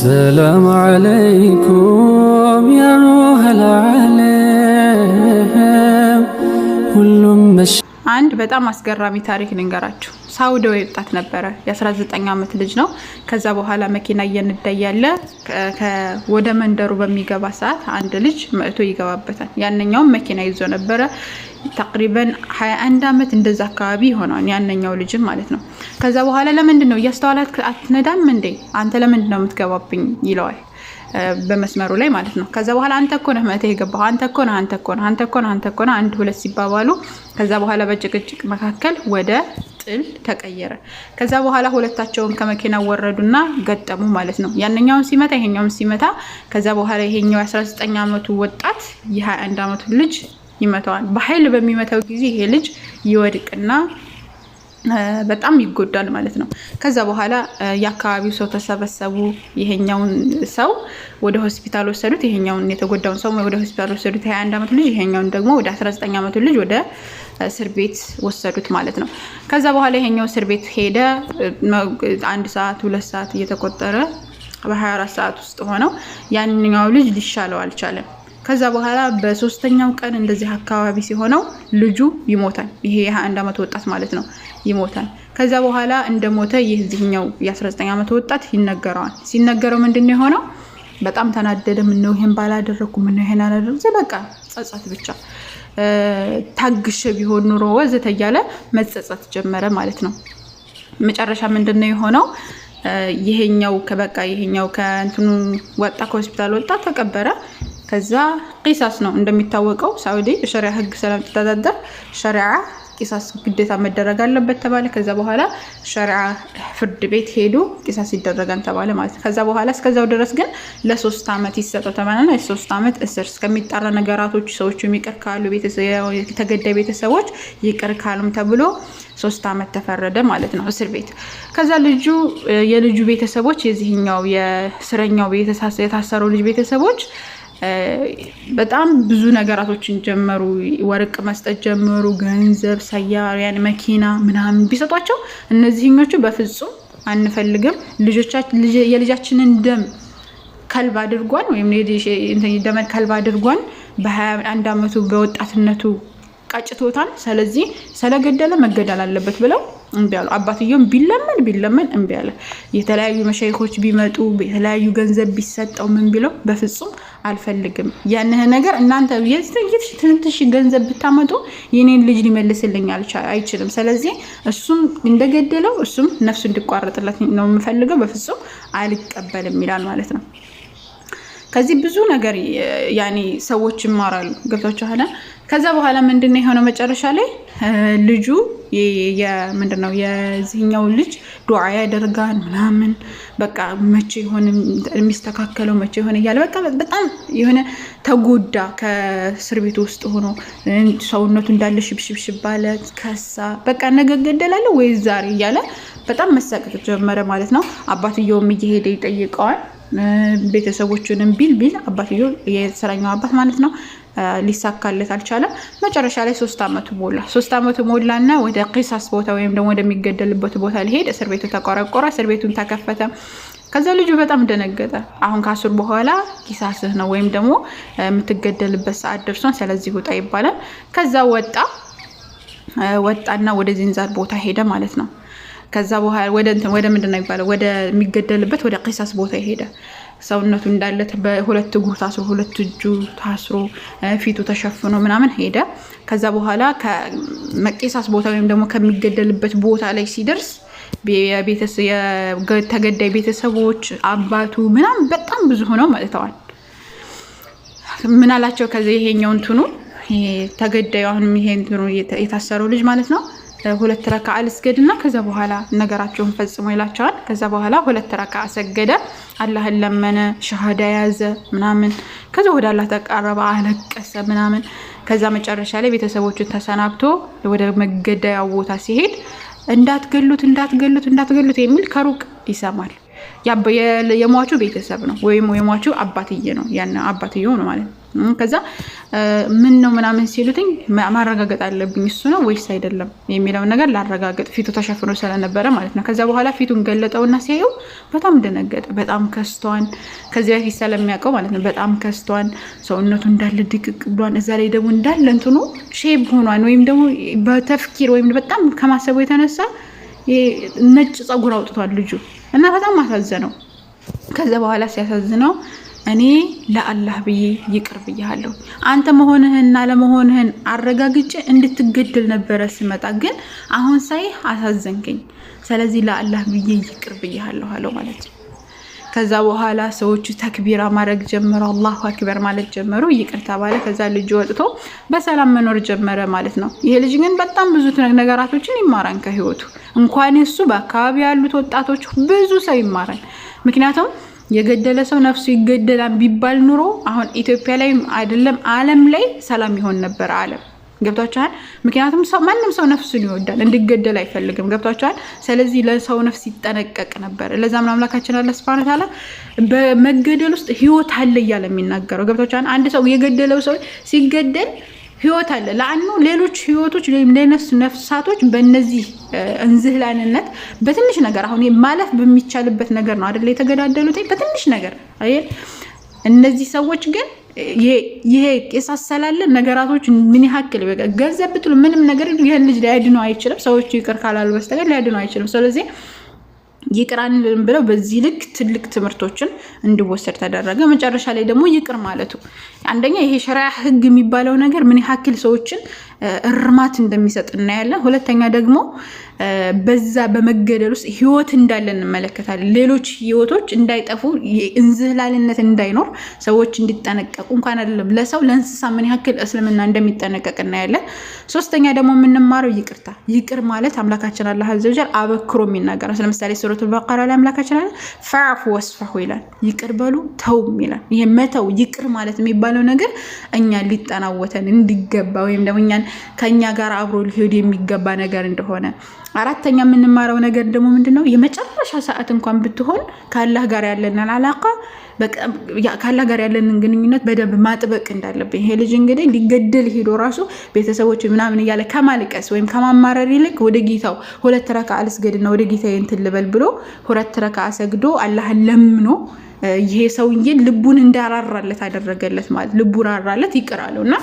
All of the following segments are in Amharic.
ሰላም ዓለይኩም ያ ሩሐል ዓለም። ሁሉም አንድ በጣም አስገራሚ ታሪክ ልንገራችሁ። ሳውዲያዊ ወጣት ነበረ። የ19 ዓመት ልጅ ነው። ከዛ በኋላ መኪና እየነዳ ያለ ወደ መንደሩ በሚገባ ሰዓት አንድ ልጅ መጥቶ ይገባበታል። ያንኛውም መኪና ይዞ ነበረ። ተቅሪበን 21 ዓመት እንደዛ አካባቢ ይሆነዋል ያንኛው ልጅም ማለት ነው። ከዛ በኋላ ለምንድን ነው እያስተዋላት አትነዳም እንዴ አንተ ለምንድን ነው የምትገባብኝ? ይለዋል በመስመሩ ላይ ማለት ነው። ከዛ በኋላ አንተ እኮ ነህ መተህ የገባህ አንተ እኮ ነህ አንተ እኮ ነህ አንተ እኮ ነህ አንተ እኮ ነህ አንድ ሁለት ሲባባሉ ከዛ በኋላ በጭቅጭቅ መካከል ወደ ጥል ተቀየረ። ከዛ በኋላ ሁለታቸውን ከመኪና ወረዱና ገጠሙ ማለት ነው። ያንኛውን ሲመታ ይሄኛውን ሲመታ፣ ከዛ በኋላ ይሄኛው 19 ዓመቱ ወጣት የ21 ዓመቱ ልጅ ይመታዋል። በኃይል በሚመታው ጊዜ ይሄ ልጅ ይወድቅና በጣም ይጎዳል ማለት ነው። ከዛ በኋላ የአካባቢው ሰው ተሰበሰቡ። ይሄኛውን ሰው ወደ ሆስፒታል ወሰዱት። ይሄኛውን የተጎዳውን ሰው ወደ ሆስፒታል ወሰዱት፣ 21 ዓመቱ ልጅ። ይሄኛውን ደግሞ ወደ 19 ዓመቱ ልጅ ወደ እስር ቤት ወሰዱት ማለት ነው። ከዛ በኋላ ይሄኛው እስር ቤት ሄደ። አንድ ሰዓት ሁለት ሰዓት እየተቆጠረ በ24 ሰዓት ውስጥ ሆነው ያንኛው ልጅ ሊሻለው አልቻለም። ከዛ በኋላ በሶስተኛው ቀን እንደዚህ አካባቢ ሲሆነው ልጁ ይሞታል። ይሄ የ21 ዓመት ወጣት ማለት ነው። ይሞታል። ከዛ በኋላ እንደሞተ ይህ እዚህኛው የ19 ዓመት ወጣት ይነገረዋል። ሲነገረው ምንድን የሆነው? በጣም ተናደደ። ምነው ይሄን ባላደረግኩ፣ ምነው ይሄን አላደረግኩ፣ በቃ ጸጸት ብቻ ታግሸ ቢሆን ኑሮ ወዘተ እያለ መጸጸት ጀመረ ማለት ነው። መጨረሻ ምንድን ነው የሆነው? ይሄኛው ከበቃ ይሄኛው ከእንትኑ ወጣ፣ ከሆስፒታል ወጣ፣ ተቀበረ። ከዛ ቂሳስ ነው እንደሚታወቀው ሳውዲ ሸሪዓ ህግ ስለምትተዳደር ሸሪዓ ቂሳስ ግዴታ መደረግ አለበት ተባለ። ከዛ በኋላ ሸሪዓ ፍርድ ቤት ሄዱ፣ ቂሳስ ይደረጋል ተባለ ማለት ነው። ከዛ በኋላ እስከዛው ድረስ ግን ለሶስት ዓመት ይሰጠው ተባለና የሶስት ዓመት እስር እስከሚጣራ ነገራቶች ሰዎቹ ይቅር ካሉ የተገዳይ ቤተሰቦች ይቅር ካሉም ተብሎ ሶስት ዓመት ተፈረደ ማለት ነው እስር ቤት። ከዛ ልጁ የልጁ ቤተሰቦች የዚህኛው የእስረኛው የታሰረው ልጅ ቤተሰቦች በጣም ብዙ ነገራቶችን ጀመሩ። ወርቅ መስጠት ጀመሩ። ገንዘብ፣ ሰያር፣ መኪና ምናምን ቢሰጧቸው እነዚህኞቹ በፍጹም አንፈልግም የልጃችንን ደም ከልብ አድርጓን ወይም ደመን ከልብ አድርጓን በ21 ዓመቱ በወጣትነቱ ቀጭቶታል። ስለዚህ ስለገደለ መገደል አለበት ብለው እምቢ አሉ። አባትየውም ቢለመን ቢለመን እምቢ አለ። የተለያዩ መሸይኮች ቢመጡ የተለያዩ ገንዘብ ቢሰጠው ምን ቢለው በፍጹም አልፈልግም ያንህ ነገር እናንተ ትንትሽ ገንዘብ ብታመጡ የኔን ልጅ ሊመልስልኝ አይችልም። ስለዚህ እሱም እንደገደለው እሱም ነፍሱ እንዲቋረጥለት ነው የምፈልገው። በፍጹም አልቀበልም ይላል ማለት ነው። ከዚህ ብዙ ነገር ያኔ ሰዎች ይማራሉ። ገብቷችኋል። ከዛ በኋላ ምንድነው የሆነው መጨረሻ ላይ ልጁ ምንድነው የዚህኛው ልጅ ዱዓ ያደርጋል ምናምን በቃ መቼ የሆነ የሚስተካከለው መቼ የሆነ እያለ በቃ በጣም የሆነ ተጎዳ። ከእስር ቤት ውስጥ ሆኖ ሰውነቱ እንዳለ ሽብሽብሽብ ባለ ከሳ በቃ ነገ ወይ ዛሬ እያለ በጣም መሳቀቅ ጀመረ ማለት ነው። አባትየውም እየሄደ ይጠይቀዋል። ቤተሰቦቹንም ቢል ቢል አባትዮ የእስረኛው አባት ማለት ነው ሊሳካለት አልቻለም። መጨረሻ ላይ ሶስት አመቱ ሞላ። ሶስት አመቱ ሞላና ወደ ቂሳስ ቦታ ወይም ደግሞ ወደሚገደልበት ቦታ ሊሄድ እስር ቤቱ ተቆረቆረ። እስር ቤቱን ተከፈተ። ከዛ ልጁ በጣም ደነገጠ። አሁን ከአስር በኋላ ቂሳስህ ነው ወይም ደግሞ የምትገደልበት ሰዓት ደርሷን፣ ስለዚህ ውጣ ይባላል። ከዛ ወጣ ወጣና ወደ ዚንዛር ቦታ ሄደ ማለት ነው። ከዛ በኋላ ወደ ወደ ምንድን ነው የሚባለው የሚገደልበት ወደ ቂሳስ ቦታ ይሄደ። ሰውነቱ እንዳለ በሁለት እግሩ ታስሮ ሁለት እጁ ታስሮ ፊቱ ተሸፍኖ ምናምን ሄደ። ከዛ በኋላ ከመቄሳስ ቦታ ወይም ደግሞ ከሚገደልበት ቦታ ላይ ሲደርስ ተገዳይ ቤተሰቦች አባቱ ምናምን በጣም ብዙ ሆነው መጥተዋል። ምን አላቸው? ከዚ ይሄኛው እንትኑ ተገዳዩ አሁንም ይሄ የታሰረው ልጅ ማለት ነው ሁለት ረካ አልስገድና ከዛ በኋላ ነገራቸውን ፈጽሞ ይላቸዋል። ከዛ በኋላ ሁለት ረካ አሰገደ አላህን ለመነ፣ ሸሃዳ ያዘ ምናምን። ከዛ ወደ አላህ ተቃረበ፣ አለቀሰ ምናምን። ከዛ መጨረሻ ላይ ቤተሰቦቹን ተሰናብቶ ወደ መገዳያው ቦታ ሲሄድ እንዳትገሉት፣ እንዳትገሉት፣ እንዳትገሉት የሚል ከሩቅ ይሰማል። የሟቹ ቤተሰብ ነው ወይም የሟቹ አባትዬ ነው ያ አባትዬ ነው ማለት ነው። ከዛ ምን ነው ምናምን ሲሉትኝ ማረጋገጥ አለብኝ እሱ ነው ወይስ አይደለም የሚለውን ነገር ላረጋገጥ ፊቱ ተሸፍኖ ስለነበረ ማለት ነው። ከዛ በኋላ ፊቱን ገለጠውና ሲያየው በጣም ደነገጠ። በጣም ከስቷን ከዚህ በፊት ስለሚያውቀው ማለት ነው። በጣም ከስቷን ሰውነቱ እንዳለ ድቅቅ ብሏን፣ እዛ ላይ ደግሞ እንዳለ እንትኑ ሼብ ሆኗን ወይም ደግሞ በተፍኪር ወይም በጣም ከማሰቡ የተነሳ ነጭ ፀጉር አውጥቷል ልጁ እና በጣም አሳዘነው። ከዛ በኋላ ሲያሳዝነው እኔ ለአላህ ብዬ ይቅር ብያለሁ። አንተ መሆንህንና ለመሆንህን አረጋግጬ እንድትገደል ነበረ ስመጣ፣ ግን አሁን ሳይህ አሳዘንከኝ። ስለዚህ ለአላህ ብዬ ይቅር ብያለሁ አለው ማለት ነው። ከዛ በኋላ ሰዎቹ ተክቢራ ማድረግ ጀመሩ፣ አላሁ አክበር ማለት ጀመሩ። ይቅርታ ባለ ከዛ ልጅ ወጥቶ በሰላም መኖር ጀመረ ማለት ነው። ይሄ ልጅ ግን በጣም ብዙ ነገራቶችን ይማራን ከህይወቱ። እንኳን እሱ በአካባቢ ያሉት ወጣቶች ብዙ ሰው ይማራል። ምክንያቱም የገደለ ሰው ነፍሱ ይገደላል ቢባል ኑሮ አሁን ኢትዮጵያ ላይ አይደለም ዓለም ላይ ሰላም ይሆን ነበር ዓለም ገብቷችኋል? ምክንያቱም ሰው ማንም ሰው ነፍሱን ይወዳል፣ እንዲገደል አይፈልግም። ገብቷችኋል? ስለዚህ ለሰው ነፍስ ይጠነቀቅ ነበር። ለዛም አምላካችን አለ ስብሐነ ተዓላ በመገደል ውስጥ ህይወት አለ እያለ የሚናገረው ገብቷችኋል? አንድ ሰው የገደለው ሰው ሲገደል ህይወት አለ ለአኑ ሌሎች ህይወቶች ወይም ለነፍስ ነፍሳቶች በእነዚህ እንዝህላንነት በትንሽ ነገር አሁን ማለፍ በሚቻልበት ነገር ነው አደለ የተገዳደሉት በትንሽ ነገር አይደል እነዚህ ሰዎች ግን ይሄ የሳሰላለ ነገራቶች ምን ያክል ገንዘብ ብትሉ ምንም ነገር ይህን ልጅ ሊያድነው አይችልም። ሰዎች ይቅር ካላሉ በስተቀር ሊያድነው አይችልም። ስለዚህ ይቅር አንልም ብለው በዚህ ልክ ትልቅ ትምህርቶችን እንዲወሰድ ተደረገ። መጨረሻ ላይ ደግሞ ይቅር ማለቱ አንደኛ ይሄ ሸሪዓ ህግ የሚባለው ነገር ምን ያክል ሰዎችን እርማት እንደሚሰጥ እናያለን። ሁለተኛ ደግሞ በዛ በመገደል ውስጥ ህይወት እንዳለ እንመለከታለን። ሌሎች ህይወቶች እንዳይጠፉ እንዝህላልነት እንዳይኖር ሰዎች እንዲጠነቀቁ እንኳን አይደለም ለሰው ለእንስሳ ምን ያክል እስልምና እንደሚጠነቀቅ እናያለን። ሶስተኛ ደግሞ የምንማረው ይቅርታ፣ ይቅር ማለት አምላካችን አላህ አዘወጀል አበክሮ የሚናገር ነው። ለምሳሌ ሱረቱል በቀራ ላይ አምላካችን አለ ፈዕፉ ወስፈሑ ይላል፣ ይቅር በሉ ተውም ይላል። ይሄ መተው ይቅር ማለት የሚባለው ነገር እኛ ሊጠናወተን እንዲገባ ወይም ደግሞ እኛን ከእኛ ጋር አብሮ ሊሄድ የሚገባ ነገር እንደሆነ አራተኛ የምንማረው ነገር ደግሞ ምንድን ነው? የመጨረሻ ሰዓት እንኳን ብትሆን ከአላህ ጋር ያለንን አላቃ ከአላህ ጋር ያለንን ግንኙነት በደንብ ማጥበቅ እንዳለብን። ይሄ ልጅ እንግዲህ ሊገደል ሄዶ ራሱ ቤተሰቦች ምናምን እያለ ከማልቀስ ወይም ከማማረር ይልቅ ወደ ጌታው ሁለት ረካ አልስገድና ወደ ጌታ እንትን ልበል ብሎ ሁለት ረካ ሰግዶ አላህን ለምኖ ይሄ ሰውዬ ልቡን እንዳራራለት አደረገለት ማለት ልቡ ራራለት ይቅራሉ እና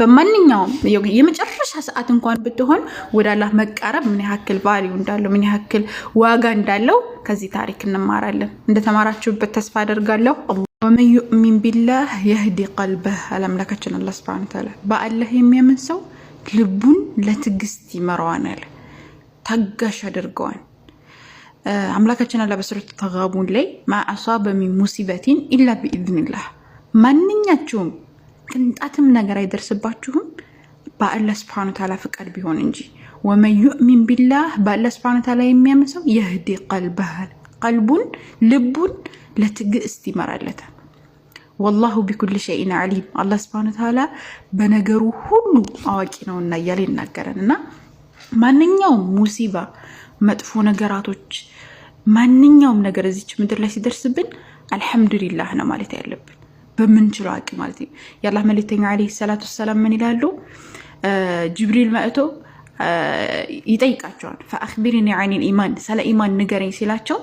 በማንኛውም የመጨረሻ ሰዓት እንኳን ብትሆን ወደ አላህ መቃረብ ምን ያክል ቫሊዩ እንዳለው ምን ያክል ዋጋ እንዳለው ከዚህ ታሪክ እንማራለን። እንደተማራችሁበት ተስፋ አደርጋለሁ። ወመን ዩእሚን ቢላህ የህዲ ቀልበህ አለምላካችን አላህ ሱብሃነሁ ወተዓላ በአላህ የሚያምን ሰው ልቡን ለትዕግስት ይመራዋናል፣ ታጋሽ አድርገዋል። አምላካችን አላህ በሱረቱ ተጋቡን ላይ ማ አሷበ ሚን ሙሲበቲን ኢላ ቢኢዝኒላህ ማንኛችሁም ቅንጣትም ነገር አይደርስባችሁም። በአላህ ስብሐነ ወተዓላ ፍቃድ ቢሆን እንጂ ወመን ዩእሚን ቢላህ በአላህ ስብሐነ ወተዓላ የሚያምን ሰው የህዲ ቀልበሃል ቀልቡን ልቡን ለትዕግስት ይመራለታል። ወላሁ ቢኩል ሸይን ዓሊም አላህ ስብሐነ ወተዓላ በነገሩ ሁሉ አዋቂ ነውና እያለ ይናገረን እና ማንኛውም ሙሲባ መጥፎ ነገራቶች ማንኛውም ነገር እዚች ምድር ላይ ሲደርስብን አልሐምዱሊላህ ነው ማለት ያለብን። በምንችለው አቅም ማለት ነው። የአላህ መልእክተኛ ዓለይሂ ሰላቱ ወሰላም ምን ይላሉ? ጅብሪል መጥቶ ይጠይቃቸዋል። ፈአክቢሪኒ አኒል ኢማን፣ ስለ ኢማን ንገረኝ ሲላቸው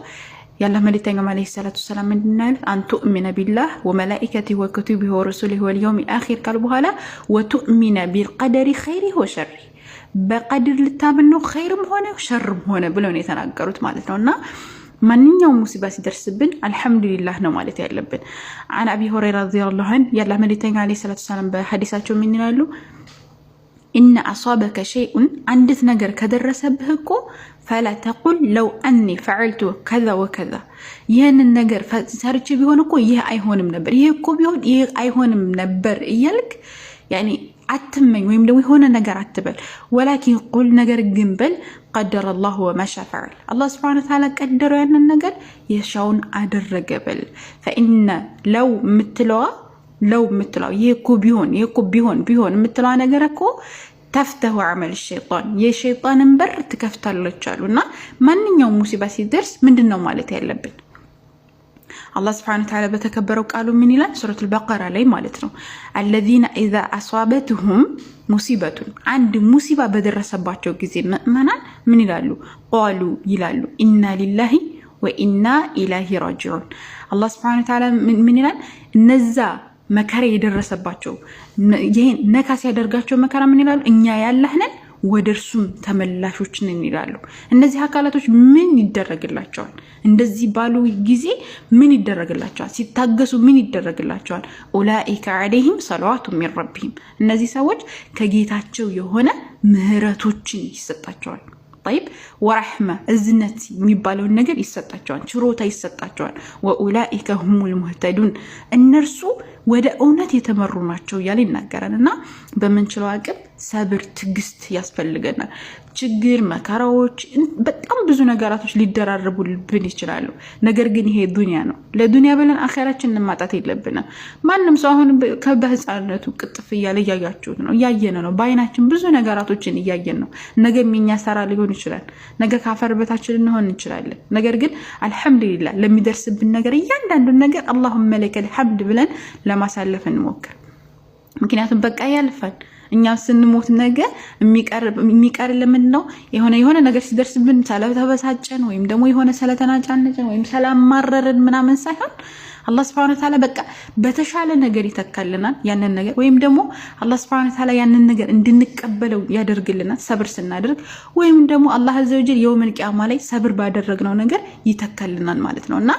የአላህ መልእክተኛ ዓለይሂ ሰላቱ ወሰላም ምንድን ነው ያሉት? አን ቱእሚነ ቢላህ ወመላኢከቲሂ ወኩቱቢሂ ወሩሱሊሂ ወልየውሚል አኺር ካል በኋላ ወቱእሚነ ቢልቀደሪ ኸይሪሂ ወሸሪ በቀድር ልታምን ነው ኸይርም ሆነ ሸርም ሆነ ብለው ነው የተናገሩት ማለት ነው እና ማንኛውም ሙሲባ ሲደርስብን አልሐምዱሊላህ ነው ማለት ያለብን። አን አቢ ሁረይራ ረዲየላሁ ዐንሁ ያላ መልእክተኛ ዐለይሂ ሰላቱ ሰላም በሐዲሳቸው ምን ይላሉ? ኢነ አሷበከ ሸይኡን አንዲት ነገር ከደረሰብህ እኮ ፈላ ተቁል ለው አኒ ፈዕልቱ ከዛ ወከዛ፣ ይህንን ነገር ሰርቼ ቢሆን እኮ ይህ አይሆንም ነበር፣ ይህ እኮ ቢሆን ይህ አይሆንም ነበር እያልክ አትመኝ ወይም ደግሞ የሆነ ነገር አትበል። ወላኪን ቁል ነገር ግን በል ቀደረ ላሁ ወማሻ ፈዐል አላህ ስብሐነ ተዓላ ቀደረው ያንን ነገር የሻውን አደረገ በል። ፈኢነ ለው የምትለዋ ለው የምትለዋ ይህ እኮ ቢሆን ይህ እኮ ቢሆን ቢሆን የምትለዋ ነገር እኮ ተፍተሁ አመል ሸይጣን የሸይጣንን በር ትከፍታለች አሉ እና ማንኛውም ሙሲባ ሲደርስ ምንድን ነው ማለት ያለብን? አላህ ስብሐነሁ ወተዓላ በተከበረው ቃሉ ምን ይላል? ሱረቱል በቀራ ላይ ማለት ነው። አለዚነ ኢዛ አስዋበትሁም ሙሲበቱን አንድ ሙሲባ በደረሰባቸው ጊዜ ምእመናን ምን ይላሉ? ቃሉ ይላሉ ኢና ሊላሂ ወኢና ኢላሂ ራጂዑን። አላህ ስብሐነሁ ወተዓላ ምን ይላል? እነዛ መከራ የደረሰባቸው ይህን ነካ ሲያደርጋቸው መከራ ምን ይላሉ? እኛ ያላህነን ወደ እርሱም ተመላሾችን ይላሉ። እነዚህ አካላቶች ምን ይደረግላቸዋል? እንደዚህ ባሉ ጊዜ ምን ይደረግላቸዋል? ሲታገሱ ምን ይደረግላቸዋል? ኡላኢከ ዐለይሂም ሰለዋቱ ሚን ረቢህም፣ እነዚህ ሰዎች ከጌታቸው የሆነ ምህረቶችን ይሰጣቸዋል። ይብ ወራሕማ እዝነት የሚባለውን ነገር ይሰጣቸዋል፣ ችሮታ ይሰጣቸዋል። ወኡላኢከ ሁሙል ሙህተዱን እነርሱ ወደ እውነት የተመሩ ናቸው እያለ ይናገራል እና በምንችለው አቅም ሰብር፣ ትግስት ያስፈልገናል። ችግር፣ መከራዎች፣ በጣም ብዙ ነገራቶች ሊደራረቡብን ይችላሉ። ነገር ግን ይሄ ዱኒያ ነው። ለዱኒያ ብለን አኼራችንን ማጣት የለብንም። ማንም ሰው አሁን በህፃንነቱ ቅጥፍ እያለ እያያችሁት ነው፣ እያየን ነው። በአይናችን ብዙ ነገራቶችን እያየን ነው። ነገ የኛ ሰራ ሊሆን ይችላል። ነገ ካፈር በታችን ልንሆን እንችላለን። ነገር ግን አልሐምዱሊላ ለሚደርስብን ነገር እያንዳንዱን ነገር አላሁመ ለከል ሐምድ ብለን ለማሳለፍ እንሞክር። ምክንያቱም በቃ ያልፋል። እኛ ስንሞት ነገ የሚቀር ለምን ነው? የሆነ የሆነ ነገር ሲደርስብን ስለተበሳጨን ወይም ደግሞ የሆነ ስለተናጫነጭን ወይም ስለማረርን ምናምን ሳይሆን አላህ ስብሐነ ወተዓላ በቃ በተሻለ ነገር ይተካልናል ያንን ነገር ወይም ደግሞ አላህ ስብሐነ ወተዓላ ያንን ነገር እንድንቀበለው ያደርግልናል ሰብር ስናደርግ፣ ወይም ደግሞ አላህ አዘወጀል የውመል ቂያማ ላይ ሰብር ባደረግነው ነገር ይተካልናል ማለት ነው እና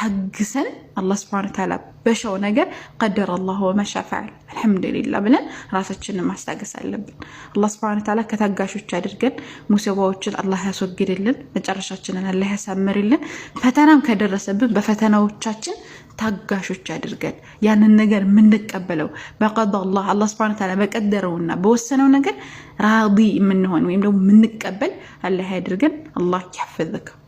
ታግሰን አላህ ስብሐነ ወተዓላ በሸው ነገር ቀደር አላሁ ወመሻ ፈዓል አልሐምዱሊላ ብለን ራሳችንን ማስታገስ አለብን። አላህ ስብሐነ ተዓላ ከታጋሾች አድርገን ሙሲባዎችን አላህ ያስወግድልን፣ መጨረሻችንን አላህ ያሳምርልን። ፈተናም ከደረሰብን በፈተናዎቻችን ታጋሾች አድርገን ያንን ነገር የምንቀበለው በቀዳ አላህ አላህ ስብሐነ ተዓላ በቀደረውና በወሰነው ነገር ራዲ የምንሆን ወይም ደግሞ የምንቀበል አላህ ያድርገን። አላህ ያፈዘከው